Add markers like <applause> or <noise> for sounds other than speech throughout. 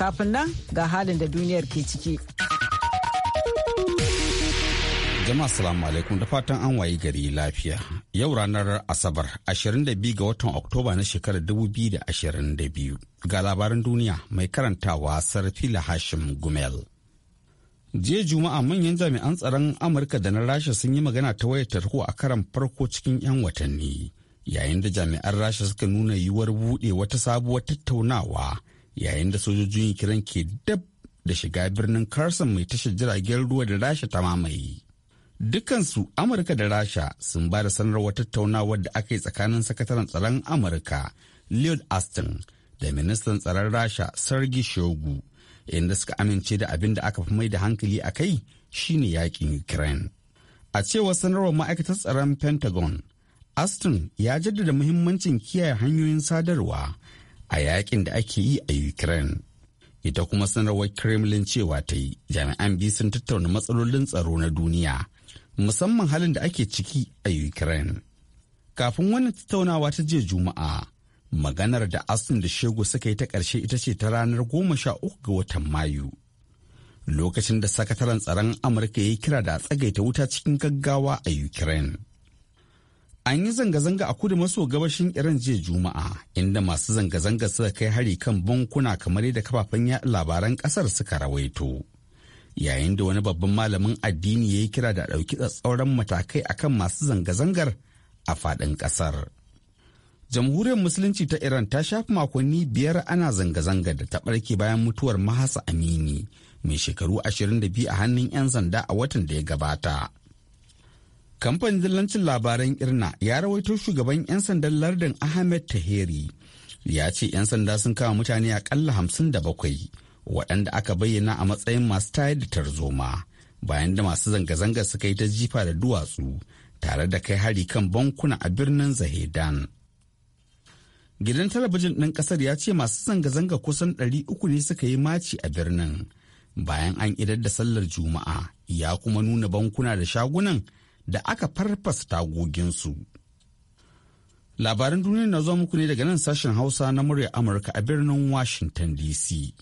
Kafin nan ga halin da duniyar ke ciki. Jama'a salamu alaikum da fatan an wayi gari lafiya. Yau ranar Asabar 22 ga watan Oktoba na shekarar 2022 ga labaran duniya mai karantawa sarfi Hashim Gumel. jiya juma'a manyan jami'an tsaron amurka da na rasha sun yi magana ta wayar tarho a karan farko cikin 'yan watanni yayin da jami'an rasha suka nuna yiwuwar buɗe wata sabuwar tattaunawa yayin da sojojin kiran ke dab da shiga birnin Carson mai tashar jiragen ruwa da Rasha ta mamaye. Dukansu Amurka da Rasha sun ba da sanarwar tattaunawar da aka yi tsakanin sakataren tsaron Amurka Lloyd Austin da ministan tsaron Rasha Sergei Shogu inda suka amince da abin da aka fi mai da hankali a kai shine yakin Ukraine. A cewar sanarwar ma'aikatar tsaron Pentagon, Austin ya jaddada muhimmancin kiyaye hanyoyin sadarwa a yakin da ake yi a Ukraine. Ita kuma sanarwar Kremlin cewa ta yi jami'an biyu sun tattauna matsalolin tsaro na duniya musamman halin da ake ciki a Ukraine. Kafin wannan tattaunawa ta jiya Juma'a, maganar da Asun da Shego suka yi ta ƙarshe ita ce ta ranar goma sha uku ga watan Mayu. Lokacin da sakataren tsaron Amurka ya yi kira da a tsagaita wuta cikin gaggawa a Ukraine. An yi zanga-zanga a kudu maso gabashin Iran jiya Juma'a, inda masu zanga-zanga suka kai hari kan bankuna kamar yadda kafafen yaɗa labaran ƙasar suka rawaito. Yayin da wani babban malamin addini ya yi kira da ɗauki tsatsauran matakai akan masu zanga-zangar a faɗin ƙasar. Jamhuriyar Musulunci ta Iran ta shafi makonni biyar ana zanga-zanga da ta ɓarke bayan mutuwar Mahasa Amini, mai shekaru ashirin da biyu a hannun 'yan sanda a watan da ya gabata. kamfanin dillancin labaran irna ya rawaito shugaban 'yan sandan lardin ahmed taheri ya ce 'yan sanda sun kama mutane akalla hamsin da bakwai waɗanda aka bayyana a matsayin masu tayar da tarzoma bayan da masu zanga-zanga suka yi ta jifa da duwatsu tare da kai hari kan bankuna a birnin zahedan gidan talabijin ɗin ƙasar ya ce masu zanga-zanga kusan ɗari uku ne suka yi maci a birnin bayan an idar da sallar juma'a ya kuma nuna bankuna da shagunan da aka farfasa tagoginsu. Labaran duniya na zuwa muku ne daga nan sashen Hausa na murya Amurka a birnin Washington DC.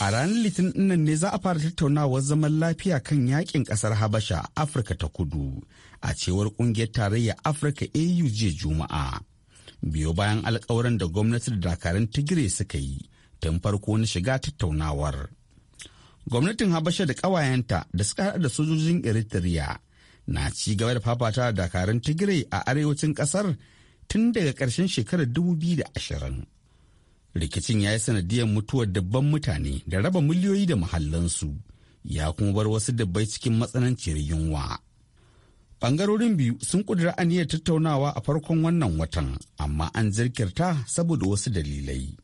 A ranar Litinin nan ne za a fara tattaunawar zaman lafiya kan yakin kasar Habasha Afirka ta kudu a cewar kungiyar tarayya Afirka AU jiya Juma'a. Biyo bayan alkawaran da gwamnati da dakarun Tigray suka yi tun farko na shiga tattaunawar. gwamnatin habasha da ƙawayenta da suka haɗa da sojojin eritrea na ci gaba da fafata da dakarun tigray a arewacin ƙasar tun daga ƙarshen shekarar 2020 rikicin ya yi sanadiyar mutuwar dabban mutane da raba miliyoyi da mahallansu ya kuma bar wasu dabbai cikin matsananciyar yunwa Bangarorin biyu sun kudura aniyar tattaunawa a farkon wannan watan, amma an jirkirta saboda wasu dalilai.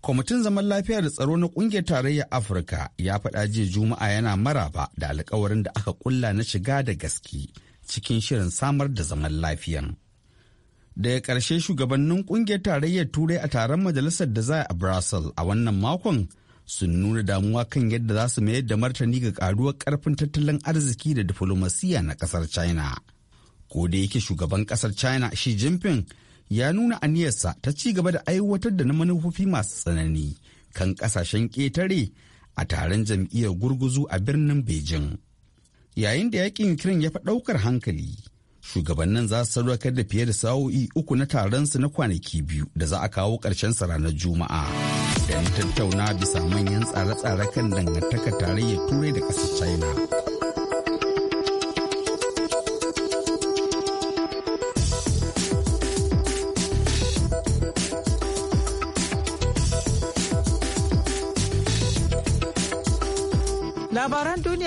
kwamitin zaman lafiya da tsaro na ƙungiyar tarayyar afirka ya faɗa jiya juma'a yana maraba da alkawarin da aka kulla na shiga da gaske cikin shirin samar da zaman lafiyan daga ƙarshe shugabannin ƙungiyar tarayyar turai a taron majalisar da za a brasil a wannan makon sun nuna damuwa kan yadda za su mayar da martani ga ƙaruwar ƙarfin tattalin arziki da diflomasiya na ƙasar china ko da yake shugaban ƙasar china shi jinping ya nuna aniyarsa ta ci gaba da aiwatar da na manufofi masu tsanani kan kasashen ƙetare a taron jam'iyyar gurguzu a birnin Beijing. Yayin da yakin kirin ya fi ɗaukar hankali, shugabannin za su sadaukar da fiye da sa'o'i uku na taron su na kwanaki biyu da za a kawo ƙarshen sa ranar Juma'a. Don tattauna bisa manyan tsare-tsare kan dangantakar tarayyar Turai da ƙasar China.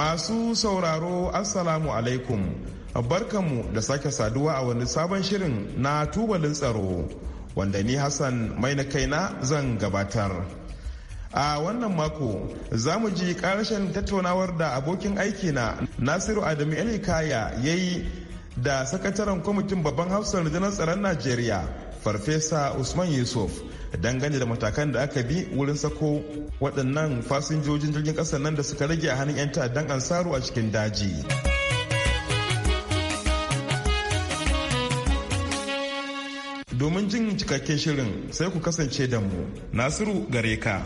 Masu sauraro Assalamu alaikum. Barkanmu da sake saduwa a wani sabon shirin na tubalin tsaro wanda ni Hassan mai na kaina zan gabatar. A wannan mako za mu ji karshen tattaunawar da abokin aikina Nasiru Adamu Elikaya ya yi da sakataren kwamitin babban hafsar rundunar tsaron Najeriya farfesa usman yusuf dangane da matakan da aka bi wurin sako waɗannan fasinjojin jirgin ƙasa nan da suka rage a hannun 'yan ta'addan ansaru a cikin daji domin jin cikakken shirin sai ku kasance da mu nasiru gare ka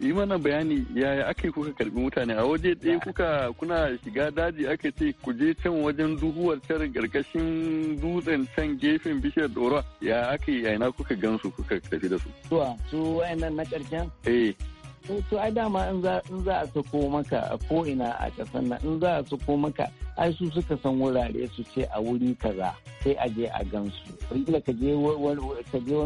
yi mana bayani yaya aka yi kuka karbi mutane a waje ɗaya kuka kuna shiga daji aka ce ku je can wajen duhuwar can karkashin dutsen can gefen bishiyar dorawa ya aka yi yana kuka gan su kuka tafi da su. Suwa su wayannan na karshen. Eh. To ai dama in za a sako maka a ko ina a kasan nan in za a sako maka ai su suka san wurare su ce a wuri kaza sai a je a gansu. Rikila ka je wani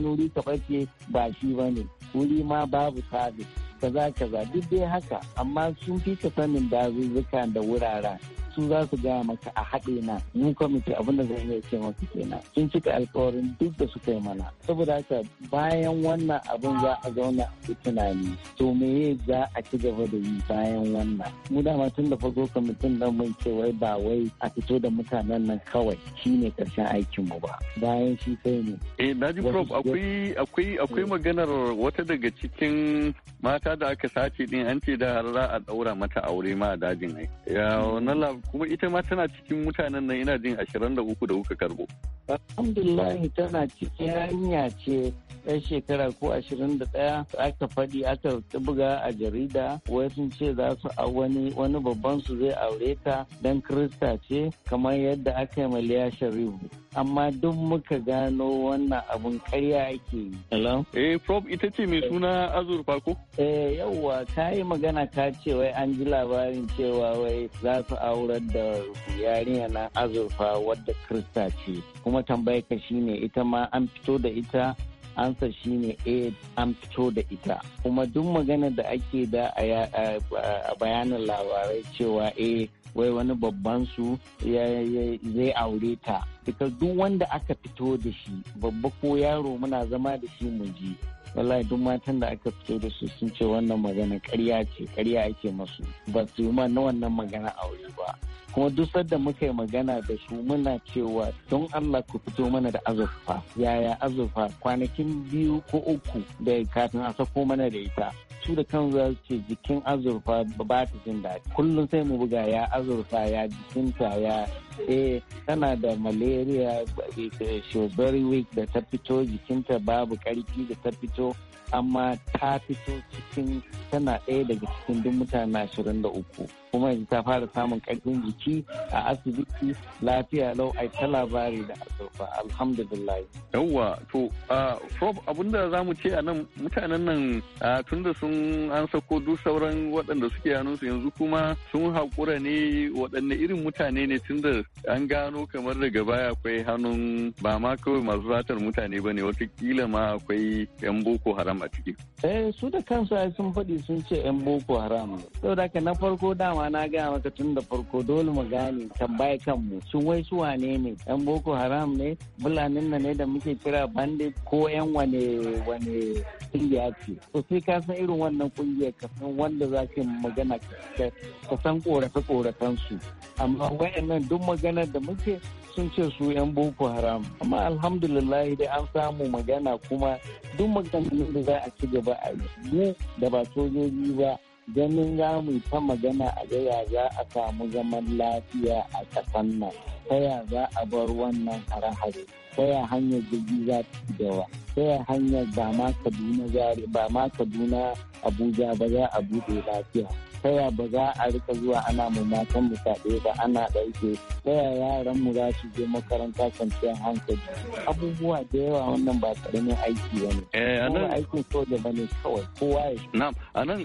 wuri ka ɓarke ba shi ba ne wuri ma babu sabis. kaza kaza duk dai haka amma sun fi ka sanin dazuzzuka da wuraren su za su gaya maka a haɗe na Mun kwamiti abin da zan iya ce maka kenan sun cika alkawarin duk da suka yi mana saboda haka bayan wannan abin za a zauna a tunani to me za a ci gaba da yi bayan wannan mu dama tun da farko kwamitin nan mun ce wai ba wai a fito da mutanen nan kawai shine karshen aikin mu ba bayan shi sai ne eh naji prof akwai akwai akwai hmm. maganar wata daga cikin mata da aka sace din an ce da har za a ɗaura mata aure ma a dajin ai ya wannan kuma ita ma tana cikin mutanen nan ina jin ashirin da uku da kuka karbo. Alhamdulillah tana cikin hanya ce ɗan shekara ko ashirin da ɗaya aka faɗi aka buga a jarida wai sun ce za su a wani wani babban su zai aure ta dan krista ce kamar yadda aka yi maliya sharifu amma duk muka gano wannan abun karya ake yi. Eh, Prof ita ce mai suna azurfa ko? Eh, yauwa ka yi magana ka ce wai an ji labarin cewa wai za su aure lurar da yarinya na azurfa wadda krista ce kuma tambayar ka shine ita ma an fito da ita ansa shine a eh, an fito da ita kuma duk magana da ake da a bayanin labarai cewa a eh, wai wani babban su zai aure ta duk wanda aka fito da shi babba ko yaro muna zama da shi mu ji wallahi duk matan da aka fito da su sun ce wannan magana karya ce karya ake masu ba su yi na wannan magana a wuri ba kuma duk sadda muka yi magana da su muna cewa don Allah ku fito mana da azurfa yaya azurfa kwanakin biyu ko uku da kafin a sako mana da ita su da kan za ce jikin azurfa ba ta jin daɗi kullum sai mu buga ya azurfa ya jikinta ya eh tana da malaria eh, she was very weak da ta fito jikinta babu ƙarfi da ta fito amma ta fito cikin tana ɗaya daga cikin duk mutane ashirin da uku kuma yanzu ta fara samun karfin jiki a asibiti lafiya lau ai ta labari da azurfa alhamdulillah yawwa to prof abinda za mu ce a nan mutanen nan tun da sun an sako duk sauran waɗanda suke su yanzu kuma sun haƙura ne waɗanne irin mutane ne tun da an gano kamar daga baya akwai hannun ba ma kawai masu satar mutane ba ne watakila ma akwai 'yan boko haram a ciki. eh su da kansu sun faɗi sun ce 'yan boko haram saboda na farko dama dama na gaya maka tun da farko dole mu gane tambaye mu sun wai su wane ne yan boko haram ne bulanin na ne da muke kira bande ko yan wane wane kungiya ce to sai ka san irin wannan kungiyar ka san wanda za ka magana ka san korafe korafen su amma wayannan duk maganar da muke sun ce su 'yan boko haram amma alhamdulillah dai an samu magana kuma duk maganar da za a ci gaba a yi mu da ba sojoji ba ganin za mu ta magana a gaya za a samu zaman lafiya a ƙasan nan ta za a bar wannan hare-hare ta hanyar jirgi za ta yawa ta ya hanyar ba ma kaduna abuja ba za a buɗe lafiya ta ya ba za a rika zuwa ana mu matan mu saɓe ba ana ɗauke ta yaran mu za su je makaranta kwanciyar hankali abubuwa da yawa wannan ba karamin aiki ba ne. Eh, Kuma aikin soja ba ne kawai kowa ya. Na'am a nan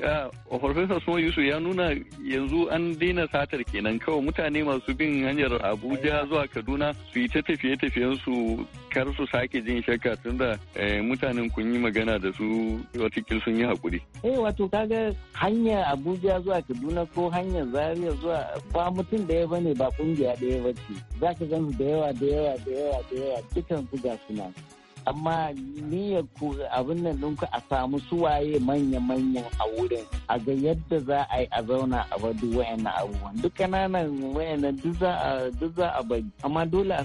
Farfesa eh, Suma Yusuf ya nuna yanzu an daina satar kenan kawai mutane masu bin hanyar Abuja zuwa Kaduna su yi ta tafiye-tafiyen su kar su sake jin shakka tunda eh, mutanen kun yi magana da su watakil sun yi haƙuri. Eh wato kaga hanyar Abuja zuwa kaduna ko hanyar zaria zuwa ba mutum da ya bane ba kungiya daya ba ce za ka gan da yawa da yawa da yawa da yawa dukan su ga suna amma niyyar ku abin nan ninku a samu suwaye manya-manyan a wurin a ga yadda za a yi a zauna a duk wayannan abubuwan duk kananan wayannan duk za a bari amma dole a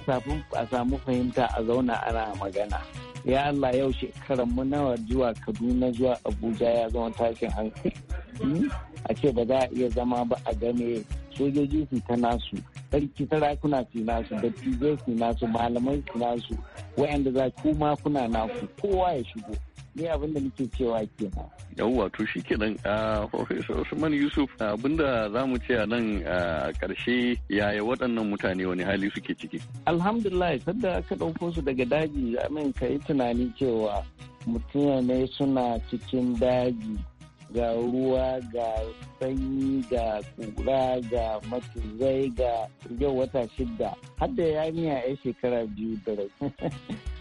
samu fahimta a zauna ana magana. ya Allah yau shekaran mu nawa zuwa Kaduna zuwa Abuja ya zama tashin hankali hmm? a ce ba za a iya zama ba a game sojoji su ta nasu sarki sarakuna su nasu dattijai su nasu malamai su nasu wayanda za kuma kuna naku kowa ya shigo ni abin da nake cewa ke yawwa to shi nan a professor usman yusuf abinda za mu ce a nan a ƙarshe yaya waɗannan mutane wani hali suke ciki alhamdulillah sadda aka ɗauko su daga daji amin ka yi tunani cewa ne suna cikin daji ga ruwa ga sanyi ga kura ga matuzai ga yau wata shidda har da yarinya ya shekara biyu da rai <laughs>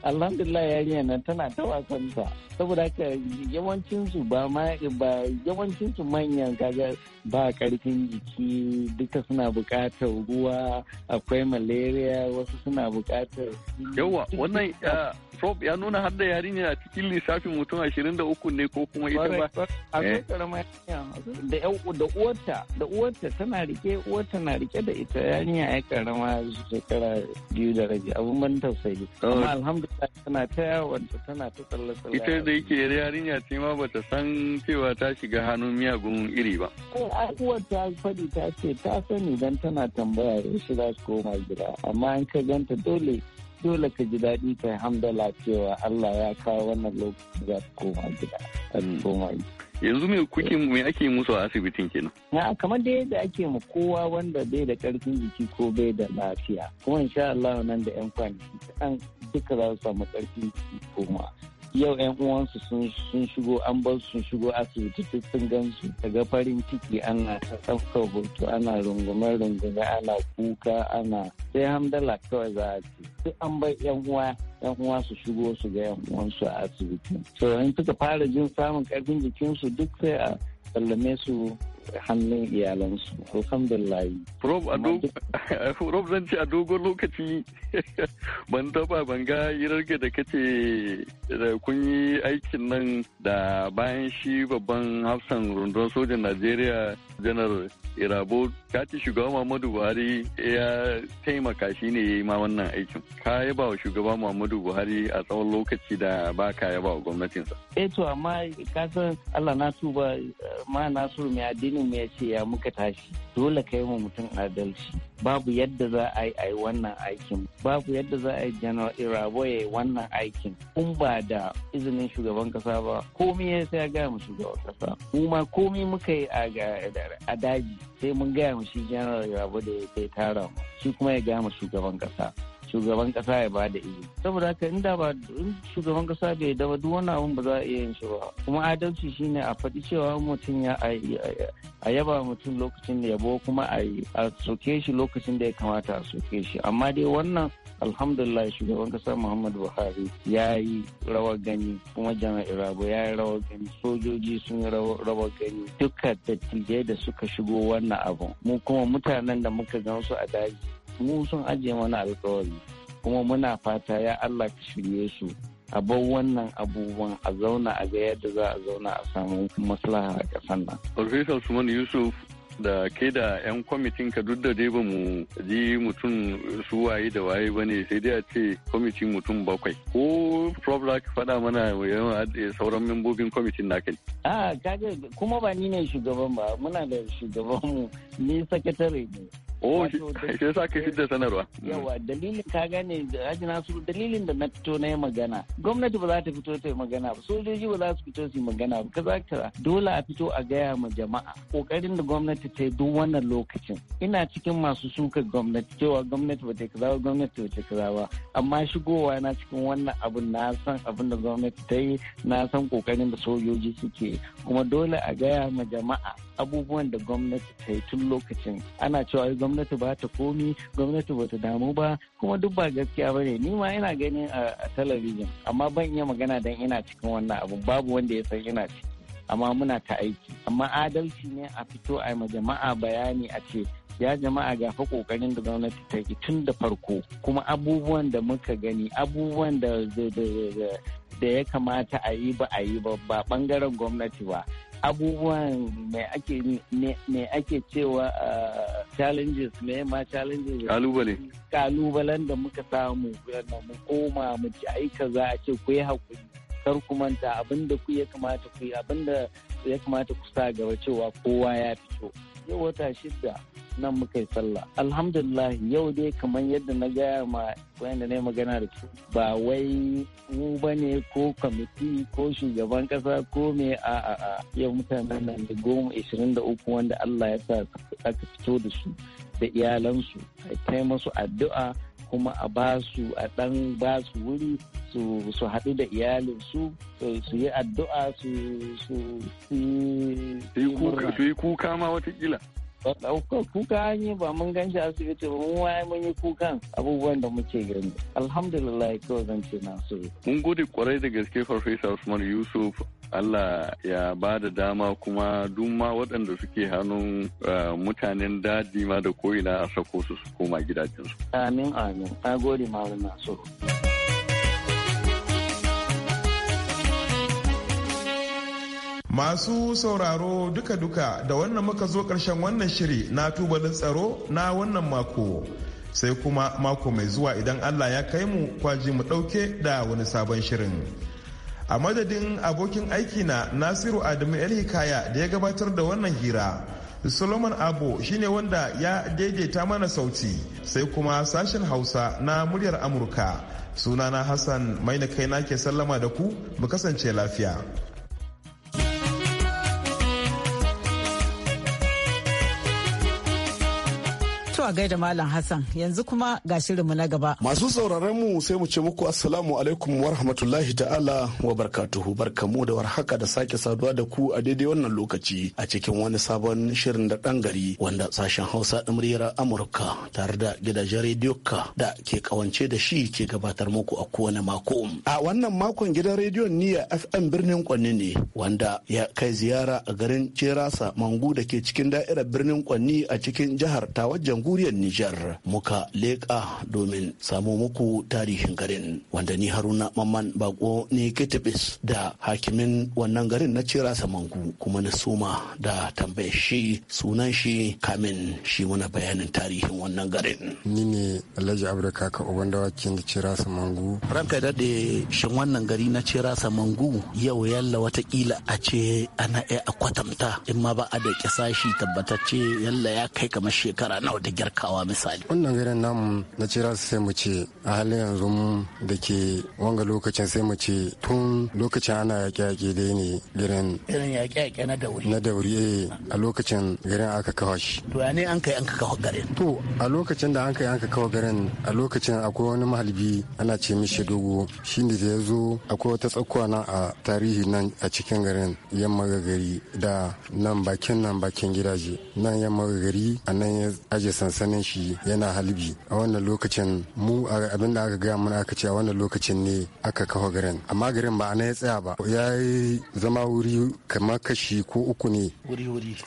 alhamdulillah yarinya nan tana ta wasanta saboda haka yawancin su ba ma ba yawancin su manyan kaga ba karfin jiki duka suna bukatar ruwa akwai malaria wasu suna bukatar yawa wannan ya nuna har da yarinya cikin lissafin mutum ashirin da uku ne ko kuma ita ba Akwai karamar da da uwarta da uwarta tana rike uwarta na rike da ita yarinya ya karama shekara biyu da rabi abun ban tausayi. Amma alhamdulillah tana ta yawanta tana ta tsalle tsalle. Ita da yake yarinya ce ma bata san cewa ta shiga hannun miyagun iri ba. Uwar ta faɗi ta ce ta sani dan tana tambaya yaushe za su koma gida amma an ka ganta dole dole ka ji daɗi ka hamdala cewa Allah ya kawo wannan lokacin za su koma gida. yanzu me kuke me ake musu a asibitin kenan na kamar da yadda ake ma kowa wanda bai da karfin jiki ko bai da lafiya kuma insha Allah nan da yan kwanaki an duka za su samu karfin jiki koma yau yan uwansu sun shigo an bar su shigo asibiti duk sun gansu daga farin ciki ana ɗaukar hoto ana rungume rungume ana kuka ana sai hamdala kawai za a ce duk an bar yan uwa yan uwa su shigo su ga yan uwansu a asibiti to in suka fara jin samun karfin jikinsu duk sai a sallame su hannun iyalansu alhamdulillah rob <laughs> zan ce a dogon lokaci <laughs> ban taba ban ga hirarka da kace da kun yi aikin nan da bayan shi babban hafsan rundun sojan najeriya janar irabo kaci shugaba muhammadu buhari ya taimaka shi ne ya yi ma wannan aikin ka yaba wa shugaba muhammadu buhari a tsawon lokaci da ba ka yaba wa gwamnatinsa eh to amma ka allah na tuba eh, ma nasiru mai addini mu ya ce ya muka tashi dole kai mu mutum adalci babu yadda za a yi a wannan aikin babu yadda za a yi general irabo ya yi wannan aikin in ba da izinin shugaban kasa ba komi ya sai gaya mu shugaban kasa mu ma komi muka yi a daji sai mun gaya mu shi general irabo da ya tara mu shi kuma ya gaya mu shugaban kasa shugaban kasa ya ba da izini saboda haka inda da ba shugaban kasa bai da duk wani abun ba za a iya yin shi ba kuma adalci shine a faɗi cewa mutum ya a yaba mutum lokacin da yabo kuma a soke shi lokacin da ya kamata a soke shi amma dai wannan alhamdulillah shugaban kasa muhammad buhari ya yi rawa gani kuma jami'ar irabo ya yi rawa gani sojoji sun yi rawa gani duka dattijai da suka shigo wannan abun mu kuma mutanen da muka su a daji mu sun ajiye mana alkawari kuma muna fata ya Allah ka shirye su a bar wannan abubuwan a zauna a ga yadda za a zauna a samu maslaha a kasan nan. Profesa Suman Yusuf da ke da 'yan kwamitin ka duk da dai ba mu ji mutum su waye da waye ba ne sai dai a ce kwamitin mutum bakwai ko prof ka faɗa mana yawan sauran membobin kwamitin na kai. a kaga kuma ba ni ne shugaban ba muna da shugaban mu ni sakatare ne Oh, shi <laughs> yasa ka shidda sanarwa. Yawa, dalilin ka gane Haji Nasiru dalilin da na fito na yi magana. Gwamnati ba za ta fito ta yi magana ba, sojoji ba za su fito su yi magana ba, ka kaza. Dole a fito a gaya ma jama'a. Kokarin da gwamnati ta yi duk wannan lokacin. Ina cikin masu suka gwamnati cewa gwamnati ba ta kaza ba, gwamnati ba ta kaza ba. Amma shigowa na cikin wannan abun na san abin da gwamnati ta yi, na san kokarin da sojoji suke. Kuma dole a gaya ma jama'a abubuwan da gwamnati ta yi tun lokacin. Ana cewa gwamnati ba ta komi gwamnati ba ta damu ba kuma duk ba gaskiya ba ne ni ma ina ganin a talabijin amma ban iya magana don ina cikin wannan abu babu wanda ya san ina ciki amma muna ta aiki amma adalci ne a fito a ma jama'a bayani a ce ya jama'a ga fa kokarin da gwamnati ta yi tun da farko kuma abubuwan da muka gani abubuwan da da ya kamata a yi ba a yi ba ba bangaren gwamnati ba abubuwan mai ake cewa ah, challenges ne ma challenges kalubale kalubalen da muka samu mu koma mu ci aika za a ce ku yi hakuri kar ku manta abin da ku ya kamata ku yi abin da ya kamata ku sa gaba cewa kowa ya fito yau wata shida nan muka yi sallah alhamdulillah yau dai kamar yadda na gaya ma wanda ne magana da ke. ba wai mu ba ne ko kwamiti ko shugaban kasa ko me a a a yau mutanen nan da goma ishirin da uku wanda Allah ya sa aka fito da su da iyalansu a kai masu addu'a kuma a ba su a dan ba su wuri su su haɗu da iyalinsu su yi addu'a su su yi kuka ma watakila ɗaukar kuka ne ba mun gan shi asibiti ba mun waye mun yi kukan abubuwan da muke gani alhamdulillah kawai zan ce na so mun gode kwarai da gaske farfesa usman yusuf Allah ya ba da dama kuma duk ma waɗanda suke hannun eh, mutanen daji ma da ko'ina a sako su su koma gidajensu. Amin amin. Na gode malam so. Masu sauraro duka-duka da wannan muka zo ƙarshen wannan shiri na tubalin tsaro na wannan mako. Sai kuma mako mai zuwa idan Allah ya kai mu kwaji mu ɗauke da wani sabon shirin. A madadin abokin aiki na Nasiru Adamu Elhikaya Hikaya da ya gabatar da wannan hira. Solomon Abo shine wanda ya daidaita mana sauti sai kuma sashen Hausa na muryar Amurka. Sunana Hassan mai na kai na ke sallama da ku mu kasance lafiya. To gaida Malam Hassan yanzu kuma ga shirinmu na gaba. Masu sauraron mu sai mu ce muku assalamu alaikum wa rahmatullahi ta'ala wa barkatuhu mu da warhaka da sake saduwa da ku a daidai wannan lokaci a cikin wani sabon shirin da dan gari wanda sashen Hausa da Amurka tare da gidajen rediyo ka da ke kawance da shi ke gabatar muku a kowane mako. A wannan makon gidan rediyon niya FM birnin Kwanni ne wanda ya kai ziyara a garin Cerasa Mangu da ke cikin da'irar birnin Kwanni a cikin jihar tawajangu jamhuriyar Nijar muka leƙa domin samu muku tarihin garin wanda ni Haruna Mamman Bako ne da hakimin wannan garin na Cira Samangu kuma na suma da tambaye shi sunan shi kamin shi muna bayanin tarihin wannan garin. Ni ne Alhaji Abdulka ka uban dawakin da Cira Samangu. Ranka daɗe shin wannan gari na Cira Samangu yau yalla watakila a ce ana a kwatanta in ma ba a da shi tabbatacce yalla ya kai kamar shekara nawa da girkawa misali wannan gidan namu na cira sai mu ce a halin yanzu da ke wanga lokacin sai mu ce tun lokacin ana yaƙe-yaƙe dai ne gidan irin yaƙe-yaƙe na dauri na dauri eh, a lokacin garin aka kawo shi to ya ne an kai an ka kawo garin to a lokacin da an kai an ka kawo garin a lokacin akwai wani mahalbi ana ce mishi dogo shi ne da ya zo akwai wata tsakuwa nan a tarihi nan a cikin garin yamma gari da nan bakin nan bakin gidaje nan yamma gari a nan ya aje san sansanin shi yana halbi a wannan lokacin mu abin da aka gaya mana aka ce a wannan lokacin ne aka kawo garin amma garin ba ana ya tsaya ba ya yi zama wuri kamar kashi ko uku ne wuri-wuri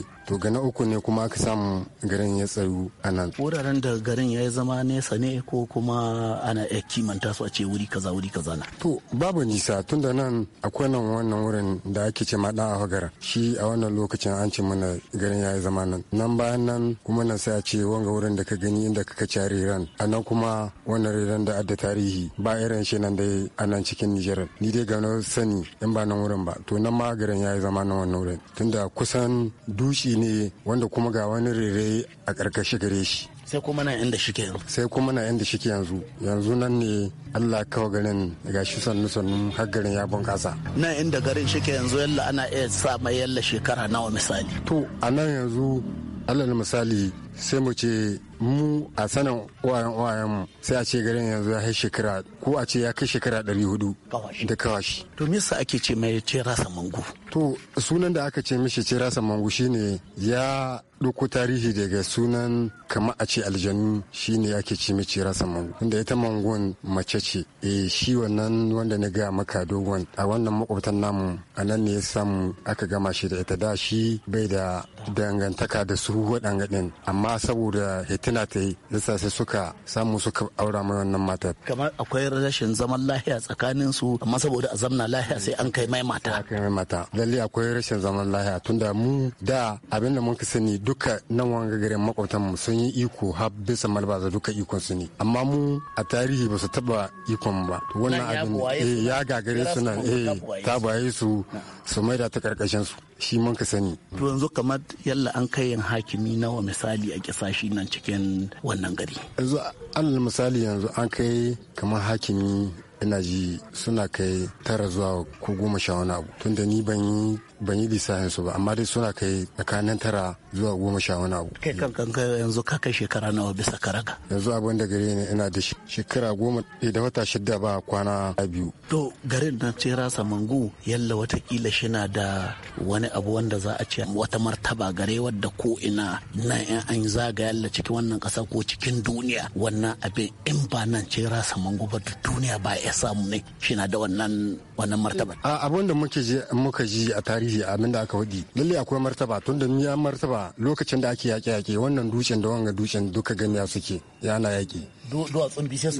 eh, to ga na uku ne kuma aka samu garin ya tsaru a nan wuraren da garin ya zama nesa ne ko kuma ana iya kimanta su a ce wuri kaza wuri kaza na to babu nisa tun da nan akwai nan wannan wurin da ake ce ma dan ahagara shi a wannan lokacin an ce mana garin ya zama nan nan bayan nan kuma nan sai a ce wanga wurin da ka gani inda ka kaci ran a nan kuma wannan riran da adda tarihi ba irin shi nan dai a nan cikin Nijar ni dai ga sani in ba nan wurin ba to nan ma garin ya zama nan wannan wurin tunda kusan dushi ne wanda kuma ga wani rere a ƙarƙashi gare shi sai kuma na inda shike yanzu sai kuma na inda shike yanzu yanzu nan ne Allah kawo garin ga shi sannu sannu har garin ya bunƙasa nan inda garin shike yanzu yalla ana iya sa mai yalla shekara nawa misali to a nan yanzu alal misali sai mu ce mu a sanin wayan wayan mu sai a ce garin yanzu ya kai shekara ko a ce ya kai shekara 400 da kawashi to me yasa ake ce mai ce rasa mangu to sunan da aka ce mishi ce rasa mangu shine ya ɗauko tarihi daga sunan kama a ce aljanu shine ake ce ce rasa mangu inda ita mangun mace ce e shi wannan wanda na ga maka dogon a wannan makwabtan namu a nan ne ya samu aka gama shi da ita da shi bai da dangantaka da su waɗanga ɗin amma amma saboda hitina ta yi yasa sai suka samu suka aura mai wannan matar kamar akwai rashin zaman lahiya tsakanin su amma saboda a zamna lahiya sai an kai mai mata kai mai mata lalle akwai rashin zaman lahiya tunda mu da abin da ka sani duka nan wanga garin makwabtan mu sun yi iko har bisa malbaza duka ikon su ne amma mu a tarihi ba su taba ikon ba wannan abin eh, ya gagare su nan eh ta baye su su maida ta karkashin su shi man ka sani. To yanzu kamar yalla an kai yin hakimi nawa misali a kisashi nan cikin wannan gari. Yanzu alal misali yanzu an kai kamar hakimi ina ji suna kai tara zuwa ko goma sha wani abu tunda ni ban yi ban yi lissafin su ba amma dai suna kai tsakanin tara zuwa goma sha wani abu. Kai kan kan yanzu ka kai shekara nawa bisa karaga. Yanzu abin da gare ni ina da shekara goma eh, da wata shida ba kwana biyu. To garin na ce rasa mangu yalla watakila shina da wani abu wanda za a ce wata martaba gare wadda ko ina na yan an zaga yalla cikin wannan kasa ko cikin duniya wannan abin in ba nan ce rasa mangu ba duniya ba ya samu ne shina da wannan wannan martaba. Abin da muke ji muka ji a tarihi tarihi abin da aka faɗi lalle akwai martaba tun da ni an martaba lokacin da ake yaƙe yaƙe wannan dutsen da wanga dutsen duka ya suke yana yaƙi duwatsun bi sai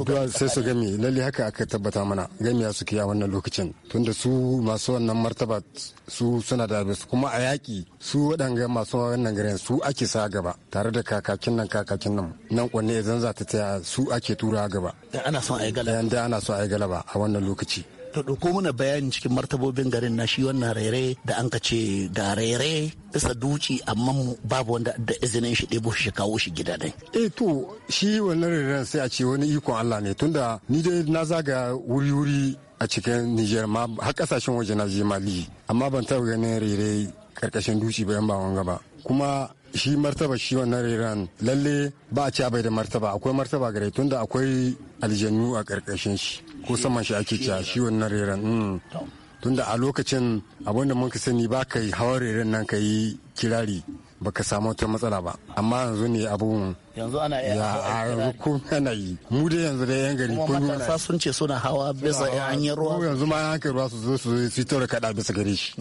su gami lalle haka aka tabbata mana gami ya suke ya wannan lokacin tun da su masu wannan martaba su suna da kuma a yaƙi su waɗanga masu wannan garin su ake sa gaba tare da kakakin nan kakakin nan nan kwanne idan za ta taya su ake tura gaba ana son a yi galaba ana son a yi galaba a wannan lokaci ta ɗauko mana bayani cikin martabobin garin na shi wannan rere da an ka ce ga rere isa duci amma babu wanda da izinin shi ɗebo shi kawo shi gida ne. eh to shi wannan reren sai a ce wani ikon Allah ne tunda ni dai na zaga wuri-wuri a cikin Niger ma har kasashen waje na je Mali amma ban taɓa ganin rere karkashin duci bayan ba wanga ba kuma shi martaba shi wannan reren lalle ba a ci bai da martaba akwai martaba gare tunda akwai aljanu a karkashin shi ko saman shi ake cewa shi wannan reren mm. tunda a lokacin abinda mun ka sani ba ka yi hawan reren nan ka yi kirari ba ka samu wata matsala ba amma yanzu ne abubuwan yanzu ana iya a yanzu ko yana yi mu dai yanzu da yan gari ko yana sa sun ce suna hawa bisa hanyar ruwa yanzu ma ya kai ruwa su zo su yi tora kada bisa gare shi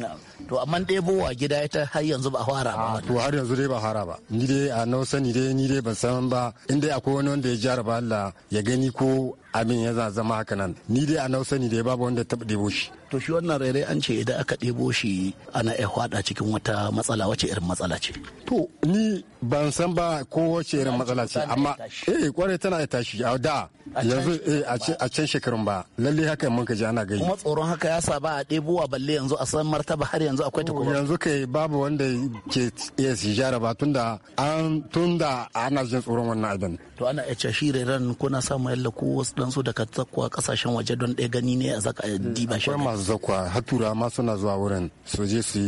to amma dai bowa gida ita har yanzu ba fara ba to har yanzu dai ba fara ba ni dai a nau sani dai ni dai ban san ba in dai akwai wani wanda ya jaraba Allah ya gani ko abin ya zama haka nan ni dai a nau sani dai babu wanda ya taɓa debo shi to shi wannan rairai an ce idan aka debo shi ana iya hwada cikin wata matsala wace irin matsala ce to ni ban san ba ko wace irin matsala ce amma eh kwarai tana ya tashi a da yanzu eh, a can shekarun ba lalle haka mun ka ji ana gani kuma tsoron haka ya sa ba a ɗebowa balle yanzu a san martaba har yanzu akwai ta kuma yanzu kai babu wanda ke iya sijara ba tunda an tunda ana jin tsoron wannan abin to ana iya cashi ran kuna sa mu yalla ko wasu dan su daga zakwa kasashen waje don ɗaya gani ne a zaka diba shi akwai masu zakwa hatura tura ma suna zuwa wurin su je su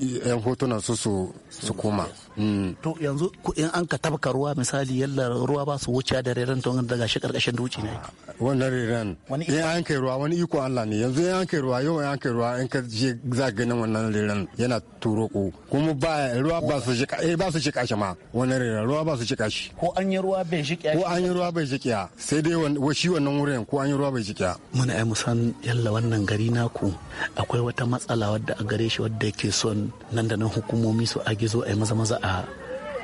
yan hotuna su su koma mm. to yanzu in an ka tabka ruwa misali yalla ruwa ba su wuce da reren tun daga shi karkashin duci ne ah, wannan reran in an kai ruwa wani iko Allah ne yanzu in an kai ruwa yau an kai ruwa in ka je za ganin wannan reren yana turo ko kuma ba ruwa ba su shi eh ba su shi kashi ma wannan reran ruwa ba su shi ko an yi ruwa bai shi ko an yi ruwa bai shi sai dai shi wannan wurin ko an yi ruwa bai shi muna ai musan yalla wannan gari naku akwai wata matsala wadda a gare shi wadda yake son nan da nan hukumomi su a gizo a yi maza maza a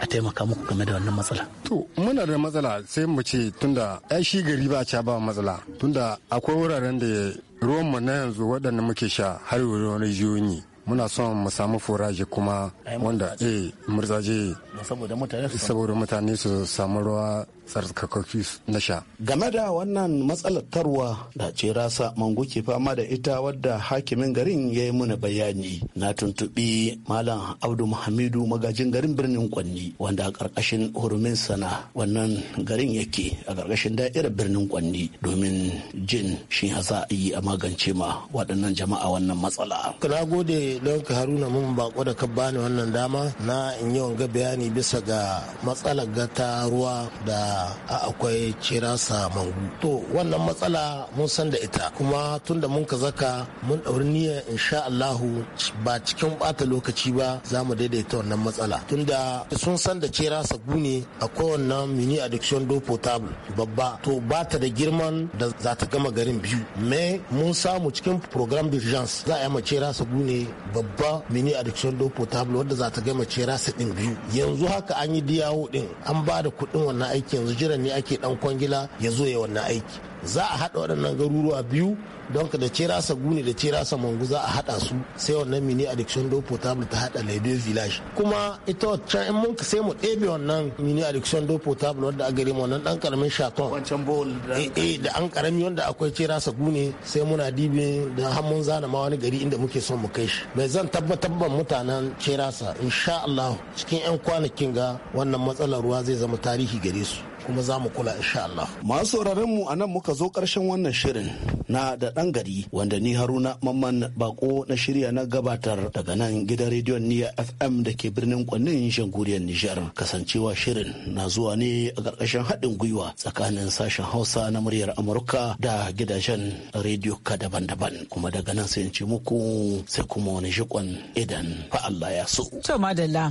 a taimaka muku game da wannan matsala. To muna da matsala sai mu ce tunda ai shi gari ba ca ba matsala tunda akwai wuraren da ruwan mu na yanzu waɗanda muke sha har wani rijiyoyi muna son mu samu foraje kuma wanda eh murzaje saboda mutane su saboda mutane su samu ruwa tsarkakaki na sha game da wannan matsalar tarwa da ce rasa mangu ke fama da ita wadda hakimin garin ya yi mana bayani na tuntubi malam abdu muhammadu magajin garin birnin kwanni wanda a karkashin hurumin sana wannan garin yake a karkashin da'irar birnin kwanni domin jin shi za a yi a magance ma waɗannan jama'a wannan matsala. Na gode don ka haruna mun bako da ka bani wannan dama na in yi wanga bayani ne bisa ga matsalar gata ruwa da akwai cirasa mangu to wannan matsala mun san da ita kuma tun da mun ka zaka mun ɗauri niyya insha Allahu ba cikin bata lokaci ba za mu daidaita wannan matsala tunda sun san da cirasa gune a kowannan mini addiction do potable babba to ba ta da girman da za ta gama garin biyu me mun samu cikin program d'urgence za a yi mace rasa gune babba mini addiction do potable wanda za ta gama mace ɗin din biyu yan yanzu haka an yi diyawo din an ba da kuɗin wannan aiki yanzu jiran ne ake dan kwangila ya zo ya wannan aiki za a haɗa waɗannan garuruwa biyu don ka da cerasa gune da cerasa mangu za a haɗa su sai wannan mini addiction do potable ta haɗa lebe village kuma ita waccan in mun sai mu ɗebe wannan mini addiction do potable wanda a gare mu wannan ɗan karamin shaton wancan bowl da an karami eh, eh, wanda akwai cerasa gune sai muna dibe da hannun zana ma wani gari inda muke son mu kai shi mai zan tabbatar ban mutanen cerasa insha Allah cikin 'yan kwanakin ga wannan matsalar ruwa zai zama tarihi gare su kuma za mu kula insha Allah. Masu sauraron mu anan muka zo ƙarshen wannan shirin na da ɗan gari wanda ni Haruna Mamman Bako na shirya na gabatar daga nan gidan rediyon Niyya FM da ke birnin Kwannin Shanguriyar Nijar. Kasancewa shirin na zuwa ne a ƙarƙashin haɗin gwiwa tsakanin sashen Hausa na muryar Amurka da gidajen rediyo ka daban-daban kuma daga nan sai in ce muku sai kuma wani shikon idan fa Allah ya so. To madalla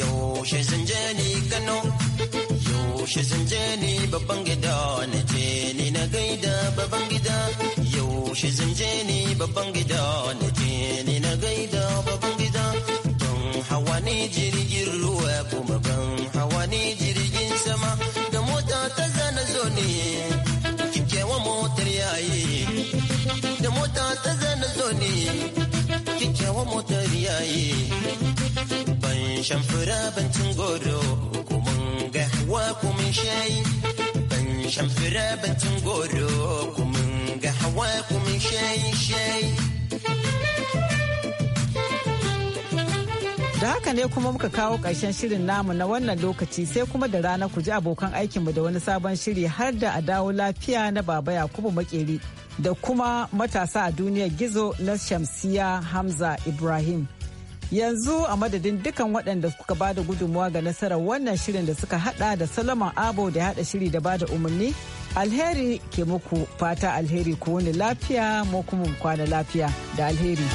yaushe zan je ni Kano yaushe zan je ni babban gida na je ni na gaida babban gida yaushe zan je ni babban gida na je ni na gaida babban gida don hawa ni jirgin ruwa kuma ban hawa ni jirgin sama da mota ta zana zo ne ban ko ga ko shayi ban ban ga ko shayi shayi da haka ne kuma muka kawo ƙarshen shirin namu na wannan lokaci sai kuma da rana ku ji abokan aikinmu da wani sabon shiri har da a dawo lafiya na baba yakubu makeri da kuma matasa a duniyar gizo na shamsiya hamza ibrahim yanzu a madadin dukan waɗanda suka bada gudunmuwa ga nasarar wannan shirin da suka hada da salaman abo da hada shiri da bada umarni alheri ke muku fata alheri ku wani lafiya mu kuma kwana lafiya da alheri.